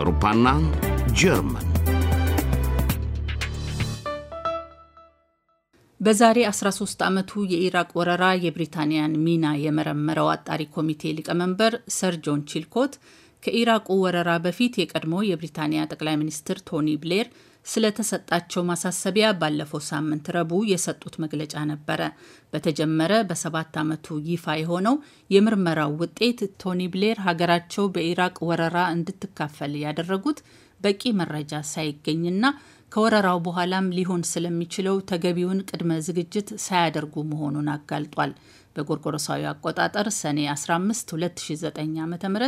አውሮፓና ጀርመን በዛሬ 13 ዓመቱ የኢራቅ ወረራ የብሪታንያን ሚና የመረመረው አጣሪ ኮሚቴ ሊቀመንበር ሰር ጆን ቺልኮት ከኢራቁ ወረራ በፊት የቀድሞ የብሪታንያ ጠቅላይ ሚኒስትር ቶኒ ብሌር ስለተሰጣቸው ማሳሰቢያ ባለፈው ሳምንት ረቡዕ የሰጡት መግለጫ ነበረ። በተጀመረ በሰባት ዓመቱ ይፋ የሆነው የምርመራው ውጤት ቶኒ ብሌር ሀገራቸው በኢራቅ ወረራ እንድትካፈል ያደረጉት በቂ መረጃ ሳይገኝና ከወረራው በኋላም ሊሆን ስለሚችለው ተገቢውን ቅድመ ዝግጅት ሳያደርጉ መሆኑን አጋልጧል። በጎርጎሮሳዊ አቆጣጠር ሰኔ 15 2009 ዓ ም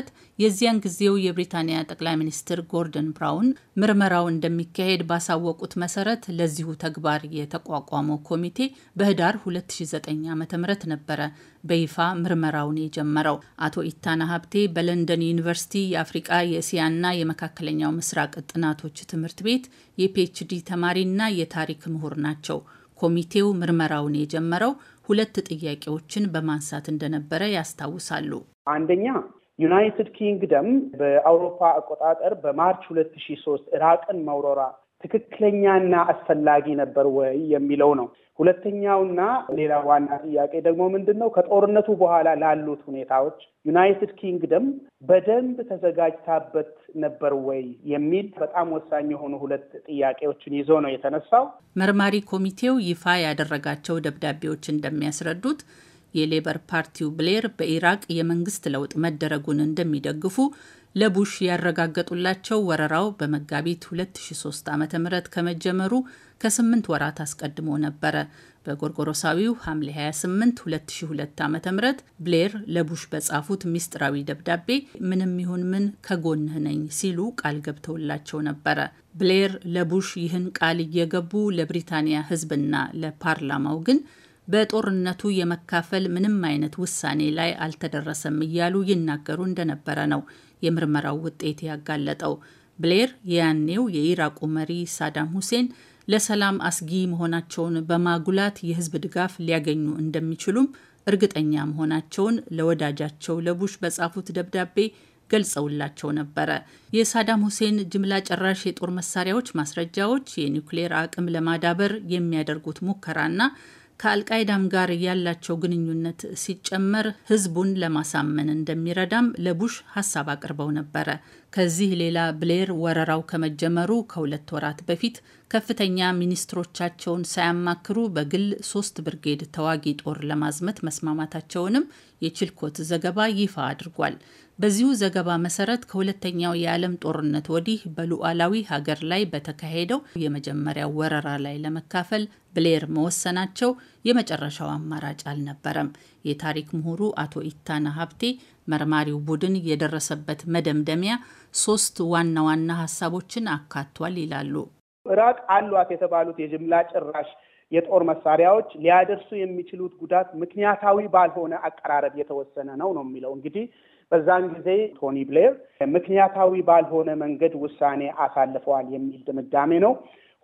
የዚያን ጊዜው የብሪታንያ ጠቅላይ ሚኒስትር ጎርደን ብራውን ምርመራው እንደሚካሄድ ባሳወቁት መሰረት ለዚሁ ተግባር የተቋቋመው ኮሚቴ በህዳር 2009 ዓ ም ነበረ በይፋ ምርመራውን የጀመረው። አቶ ኢታና ሀብቴ በለንደን ዩኒቨርሲቲ የአፍሪቃ የእስያና የመካከለኛው ምስራቅ ጥናቶች ትምህርት ቤት የፒኤችዲ ተማሪና የታሪክ ምሁር ናቸው። ኮሚቴው ምርመራውን የጀመረው ሁለት ጥያቄዎችን በማንሳት እንደነበረ ያስታውሳሉ። አንደኛ ዩናይትድ ኪንግደም በአውሮፓ አቆጣጠር በማርች 2003 ኢራቅን መውረራ ትክክለኛና አስፈላጊ ነበር ወይ የሚለው ነው። ሁለተኛውና ሌላ ዋና ጥያቄ ደግሞ ምንድን ነው? ከጦርነቱ በኋላ ላሉት ሁኔታዎች ዩናይትድ ኪንግደም በደንብ ተዘጋጅታበት ነበር ወይ የሚል በጣም ወሳኝ የሆኑ ሁለት ጥያቄዎችን ይዞ ነው የተነሳው። መርማሪ ኮሚቴው ይፋ ያደረጋቸው ደብዳቤዎች እንደሚያስረዱት የሌበር ፓርቲው ብሌር በኢራቅ የመንግስት ለውጥ መደረጉን እንደሚደግፉ ለቡሽ ያረጋገጡላቸው ወረራው በመጋቢት 2003 ዓ ም ከመጀመሩ ከስምንት ወራት አስቀድሞ ነበረ። በጎርጎሮሳዊው ሐምሌ 28 2002 ዓ ም ብሌር ለቡሽ በጻፉት ሚስጥራዊ ደብዳቤ ምንም ይሁን ምን ከጎንህ ነኝ ሲሉ ቃል ገብተውላቸው ነበረ። ብሌር ለቡሽ ይህን ቃል እየገቡ ለብሪታንያ ህዝብና ለፓርላማው ግን በጦርነቱ የመካፈል ምንም አይነት ውሳኔ ላይ አልተደረሰም እያሉ ይናገሩ እንደነበረ ነው የምርመራው ውጤት ያጋለጠው። ብሌር የያኔው የኢራቁ መሪ ሳዳም ሁሴን ለሰላም አስጊ መሆናቸውን በማጉላት የህዝብ ድጋፍ ሊያገኙ እንደሚችሉም እርግጠኛ መሆናቸውን ለወዳጃቸው ለቡሽ በጻፉት ደብዳቤ ገልጸውላቸው ነበረ። የሳዳም ሁሴን ጅምላ ጨራሽ የጦር መሳሪያዎች ማስረጃዎች፣ የኒውክሌር አቅም ለማዳበር የሚያደርጉት ሙከራና ከአልቃይዳም ጋር ያላቸው ግንኙነት ሲጨመር ህዝቡን ለማሳመን እንደሚረዳም ለቡሽ ሀሳብ አቅርበው ነበረ። ከዚህ ሌላ ብሌር ወረራው ከመጀመሩ ከሁለት ወራት በፊት ከፍተኛ ሚኒስትሮቻቸውን ሳያማክሩ በግል ሶስት ብርጌድ ተዋጊ ጦር ለማዝመት መስማማታቸውንም የችልኮት ዘገባ ይፋ አድርጓል። በዚሁ ዘገባ መሰረት ከሁለተኛው የዓለም ጦርነት ወዲህ በሉዓላዊ ሀገር ላይ በተካሄደው የመጀመሪያው ወረራ ላይ ለመካፈል ብሌር መወሰናቸው የመጨረሻው አማራጭ አልነበረም። የታሪክ ምሁሩ አቶ ኢታና ሀብቴ መርማሪው ቡድን የደረሰበት መደምደሚያ ሶስት ዋና ዋና ሀሳቦችን አካቷል ይላሉ። ኢራቅ አሏት የተባሉት የጅምላ ጭራሽ የጦር መሳሪያዎች ሊያደርሱ የሚችሉት ጉዳት ምክንያታዊ ባልሆነ አቀራረብ የተወሰነ ነው ነው የሚለው እንግዲህ በዛን ጊዜ ቶኒ ብሌር ምክንያታዊ ባልሆነ መንገድ ውሳኔ አሳልፈዋል የሚል ድምዳሜ ነው።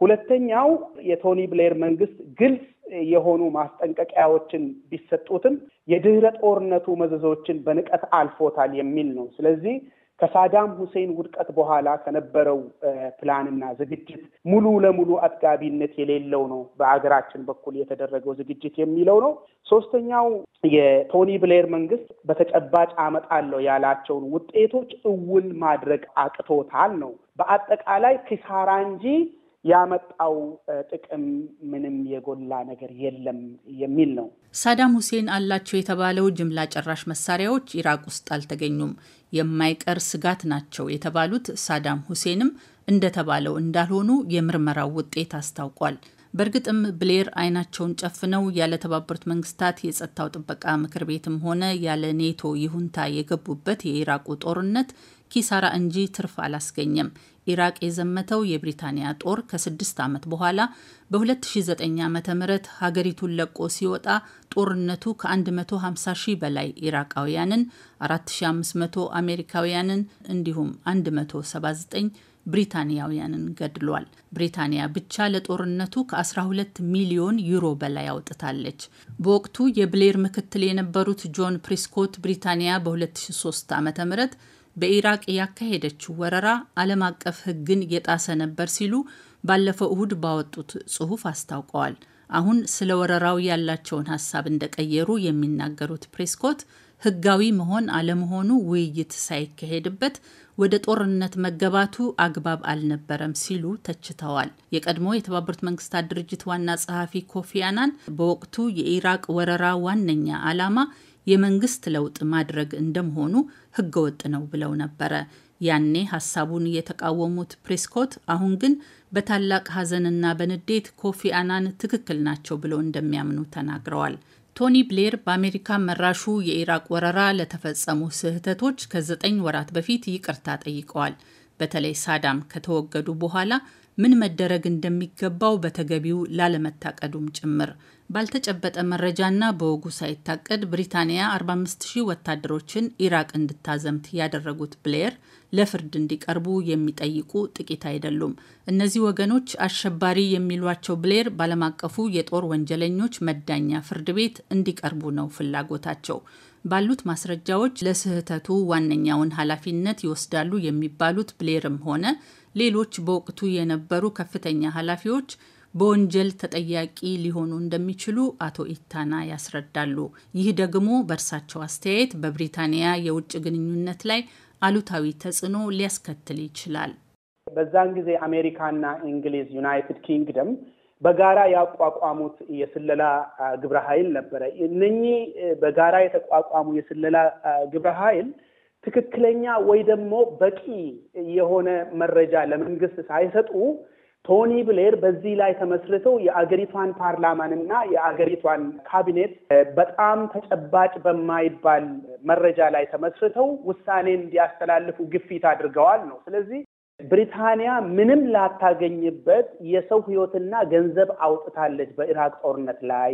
ሁለተኛው የቶኒ ብሌር መንግስት ግልጽ የሆኑ ማስጠንቀቂያዎችን ቢሰጡትም የድህረ ጦርነቱ መዘዞችን በንቀት አልፎታል የሚል ነው። ስለዚህ ከሳዳም ሁሴን ውድቀት በኋላ ከነበረው ፕላንና ዝግጅት ሙሉ ለሙሉ አጥጋቢነት የሌለው ነው በአገራችን በኩል የተደረገው ዝግጅት የሚለው ነው። ሶስተኛው የቶኒ ብሌር መንግስት በተጨባጭ አመጣለሁ ያላቸውን ውጤቶች እውን ማድረግ አቅቶታል ነው። በአጠቃላይ ኪሳራ እንጂ ያመጣው ጥቅም ምንም የጎላ ነገር የለም የሚል ነው። ሳዳም ሁሴን አላቸው የተባለው ጅምላ ጨራሽ መሳሪያዎች ኢራቅ ውስጥ አልተገኙም፣ የማይቀር ስጋት ናቸው የተባሉት ሳዳም ሁሴንም እንደተባለው እንዳልሆኑ የምርመራው ውጤት አስታውቋል። በእርግጥም ብሌር አይናቸውን ጨፍነው ያለ ተባበሩት መንግስታት የጸጥታው ጥበቃ ምክር ቤትም ሆነ ያለ ኔቶ ይሁንታ የገቡበት የኢራቁ ጦርነት ኪሳራ እንጂ ትርፍ አላስገኘም። ኢራቅ የዘመተው የብሪታንያ ጦር ከስድስት ዓመት በኋላ በ2009 ዓ ም ሀገሪቱን ለቆ ሲወጣ ጦርነቱ ከ150 ሺህ በላይ ኢራቃውያንን፣ 4500 አሜሪካውያንን እንዲሁም 179 ብሪታንያውያንን ገድሏል። ብሪታንያ ብቻ ለጦርነቱ ከ12 ሚሊዮን ዩሮ በላይ አውጥታለች። በወቅቱ የብሌር ምክትል የነበሩት ጆን ፕሪስኮት ብሪታንያ በ2003 ዓ ም በኢራቅ ያካሄደችው ወረራ ዓለም አቀፍ ሕግን የጣሰ ነበር ሲሉ ባለፈው እሁድ ባወጡት ጽሑፍ አስታውቀዋል። አሁን ስለ ወረራው ያላቸውን ሀሳብ እንደቀየሩ የሚናገሩት ፕሬስኮት ህጋዊ መሆን አለመሆኑ ውይይት ሳይካሄድበት ወደ ጦርነት መገባቱ አግባብ አልነበረም ሲሉ ተችተዋል። የቀድሞ የተባበሩት መንግስታት ድርጅት ዋና ጸሐፊ ኮፊ አናን በወቅቱ የኢራቅ ወረራ ዋነኛ ዓላማ የመንግስት ለውጥ ማድረግ እንደመሆኑ ህገወጥ ነው ብለው ነበረ። ያኔ ሀሳቡን የተቃወሙት ፕሬስኮት አሁን ግን በታላቅ ሀዘንና በንዴት ኮፊ አናን ትክክል ናቸው ብለው እንደሚያምኑ ተናግረዋል። ቶኒ ብሌር በአሜሪካ መራሹ የኢራቅ ወረራ ለተፈጸሙ ስህተቶች ከዘጠኝ ወራት በፊት ይቅርታ ጠይቀዋል። በተለይ ሳዳም ከተወገዱ በኋላ ምን መደረግ እንደሚገባው በተገቢው ላለመታቀዱም ጭምር ባልተጨበጠ መረጃና በወጉ ሳይታቀድ ብሪታንያ 45000 ወታደሮችን ኢራቅ እንድታዘምት ያደረጉት ብሌየር ለፍርድ እንዲቀርቡ የሚጠይቁ ጥቂት አይደሉም። እነዚህ ወገኖች አሸባሪ የሚሏቸው ብሌየር ባለም አቀፉ የጦር ወንጀለኞች መዳኛ ፍርድ ቤት እንዲቀርቡ ነው ፍላጎታቸው። ባሉት ማስረጃዎች ለስህተቱ ዋነኛውን ኃላፊነት ይወስዳሉ የሚባሉት ብሌየርም ሆነ ሌሎች በወቅቱ የነበሩ ከፍተኛ ኃላፊዎች በወንጀል ተጠያቂ ሊሆኑ እንደሚችሉ አቶ ኢታና ያስረዳሉ። ይህ ደግሞ በእርሳቸው አስተያየት በብሪታንያ የውጭ ግንኙነት ላይ አሉታዊ ተጽዕኖ ሊያስከትል ይችላል። በዛን ጊዜ አሜሪካና እንግሊዝ፣ ዩናይትድ ኪንግደም በጋራ ያቋቋሙት የስለላ ግብረ ኃይል ነበረ። እነኚህ በጋራ የተቋቋሙ የስለላ ግብረ ኃይል ትክክለኛ ወይ ደግሞ በቂ የሆነ መረጃ ለመንግስት ሳይሰጡ ቶኒ ብሌር በዚህ ላይ ተመስርተው የአገሪቷን እና የአገሪቷን ካቢኔት በጣም ተጨባጭ በማይባል መረጃ ላይ ተመስርተው ውሳኔ እንዲያስተላልፉ ግፊት አድርገዋል ነው። ስለዚህ ብሪታንያ ምንም ላታገኝበት የሰው ሕይወትና ገንዘብ አውጥታለች በኢራቅ ጦርነት ላይ።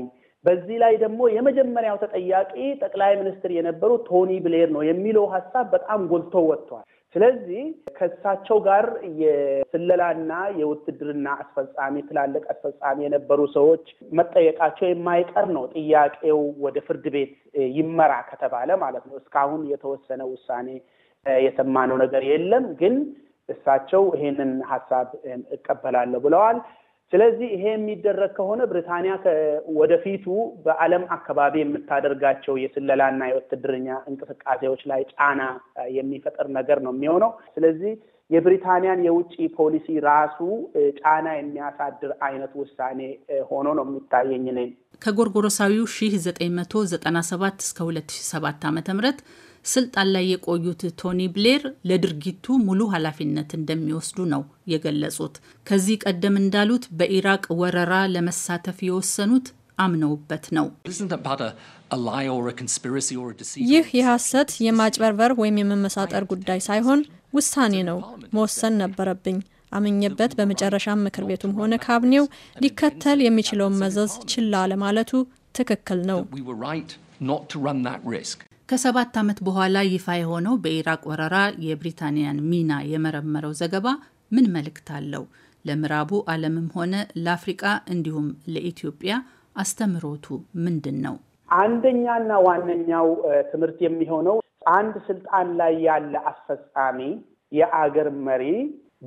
በዚህ ላይ ደግሞ የመጀመሪያው ተጠያቂ ጠቅላይ ሚኒስትር የነበሩ ቶኒ ብሌር ነው የሚለው ሀሳብ በጣም ጎልቶ ወጥቷል። ስለዚህ ከእሳቸው ጋር የስለላና የውትድርና አስፈጻሚ ትላልቅ አስፈጻሚ የነበሩ ሰዎች መጠየቃቸው የማይቀር ነው። ጥያቄው ወደ ፍርድ ቤት ይመራ ከተባለ ማለት ነው። እስካሁን የተወሰነ ውሳኔ የሰማነው ነገር የለም ግን እሳቸው ይሄንን ሀሳብ እቀበላለሁ ብለዋል። ስለዚህ ይሄ የሚደረግ ከሆነ ብሪታንያ ወደፊቱ በዓለም አካባቢ የምታደርጋቸው የስለላና የውትድርኛ እንቅስቃሴዎች ላይ ጫና የሚፈጥር ነገር ነው የሚሆነው። ስለዚህ የብሪታንያን የውጭ ፖሊሲ ራሱ ጫና የሚያሳድር አይነት ውሳኔ ሆኖ ነው የሚታየኝ። እኔን ከጎርጎሮሳዊው 1997 እስከ 2007 ዓ.ም ስልጣን ላይ የቆዩት ቶኒ ብሌር ለድርጊቱ ሙሉ ኃላፊነት እንደሚወስዱ ነው የገለጹት። ከዚህ ቀደም እንዳሉት በኢራቅ ወረራ ለመሳተፍ የወሰኑት አምነውበት ነው። ይህ የሐሰት የማጭበርበር ወይም የመመሳጠር ጉዳይ ሳይሆን ውሳኔ ነው። መወሰን ነበረብኝ አምኜበት በመጨረሻም ምክር ቤቱም ሆነ ካቢኔው ሊከተል የሚችለውን መዘዝ ችላ ለማለቱ ትክክል ነው። ከሰባት ዓመት በኋላ ይፋ የሆነው በኢራቅ ወረራ የብሪታንያን ሚና የመረመረው ዘገባ ምን መልእክት አለው? ለምዕራቡ ዓለምም ሆነ ለአፍሪቃ እንዲሁም ለኢትዮጵያ አስተምሮቱ ምንድን ነው? አንደኛና ዋነኛው ትምህርት የሚሆነው አንድ ስልጣን ላይ ያለ አስፈጻሚ የአገር መሪ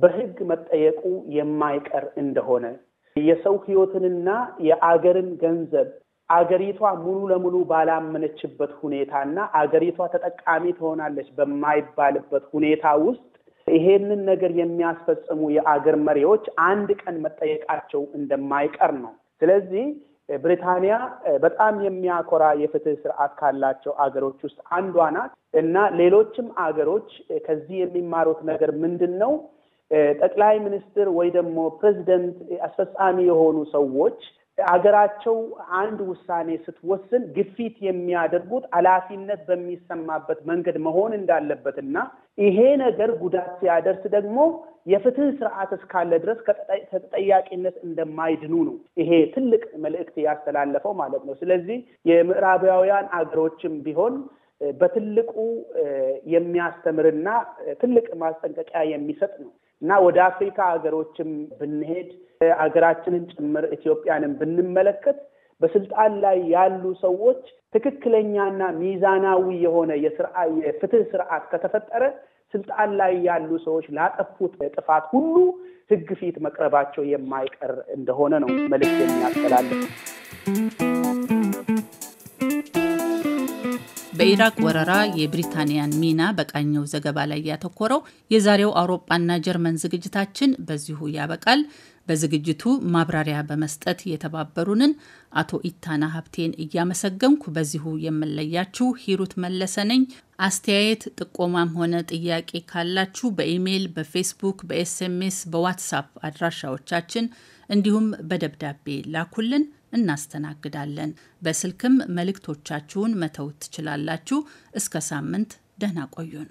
በሕግ መጠየቁ የማይቀር እንደሆነ የሰው ሕይወትንና የአገርን ገንዘብ አገሪቷ ሙሉ ለሙሉ ባላመነችበት ሁኔታና አገሪቷ ተጠቃሚ ትሆናለች በማይባልበት ሁኔታ ውስጥ ይሄንን ነገር የሚያስፈጽሙ የአገር መሪዎች አንድ ቀን መጠየቃቸው እንደማይቀር ነው። ስለዚህ ብሪታንያ በጣም የሚያኮራ የፍትህ ስርዓት ካላቸው አገሮች ውስጥ አንዷ ናት እና ሌሎችም አገሮች ከዚህ የሚማሩት ነገር ምንድን ነው? ጠቅላይ ሚኒስትር ወይ ደግሞ ፕሬዚደንት አስፈጻሚ የሆኑ ሰዎች አገራቸው አንድ ውሳኔ ስትወስን ግፊት የሚያደርጉት ኃላፊነት በሚሰማበት መንገድ መሆን እንዳለበት እና ይሄ ነገር ጉዳት ሲያደርስ ደግሞ የፍትህ ስርዓት እስካለ ድረስ ከተጠያቂነት እንደማይድኑ ነው ይሄ ትልቅ መልእክት ያስተላለፈው ማለት ነው። ስለዚህ የምዕራባውያን አገሮችም ቢሆን በትልቁ የሚያስተምርና ትልቅ ማስጠንቀቂያ የሚሰጥ ነው። እና ወደ አፍሪካ ሀገሮችም ብንሄድ ሀገራችንን ጭምር ኢትዮጵያንን ብንመለከት በስልጣን ላይ ያሉ ሰዎች ትክክለኛና ሚዛናዊ የሆነ የፍትህ ስርዓት ከተፈጠረ ስልጣን ላይ ያሉ ሰዎች ላጠፉት ጥፋት ሁሉ ህግ ፊት መቅረባቸው የማይቀር እንደሆነ ነው መልዕክት የሚያስተላልፍ። በኢራቅ ወረራ የብሪታንያን ሚና በቃኘው ዘገባ ላይ ያተኮረው የዛሬው አውሮፓና ጀርመን ዝግጅታችን በዚሁ ያበቃል። በዝግጅቱ ማብራሪያ በመስጠት የተባበሩንን አቶ ኢታና ሀብቴን እያመሰገንኩ በዚሁ የምለያችሁ ሂሩት መለሰ ነኝ። አስተያየት ጥቆማም ሆነ ጥያቄ ካላችሁ በኢሜይል፣ በፌስቡክ፣ በኤስኤምኤስ፣ በዋትሳፕ አድራሻዎቻችን እንዲሁም በደብዳቤ ላኩልን። እናስተናግዳለን። በስልክም መልእክቶቻችሁን መተውት ትችላላችሁ። እስከ ሳምንት ደህና ቆዩን።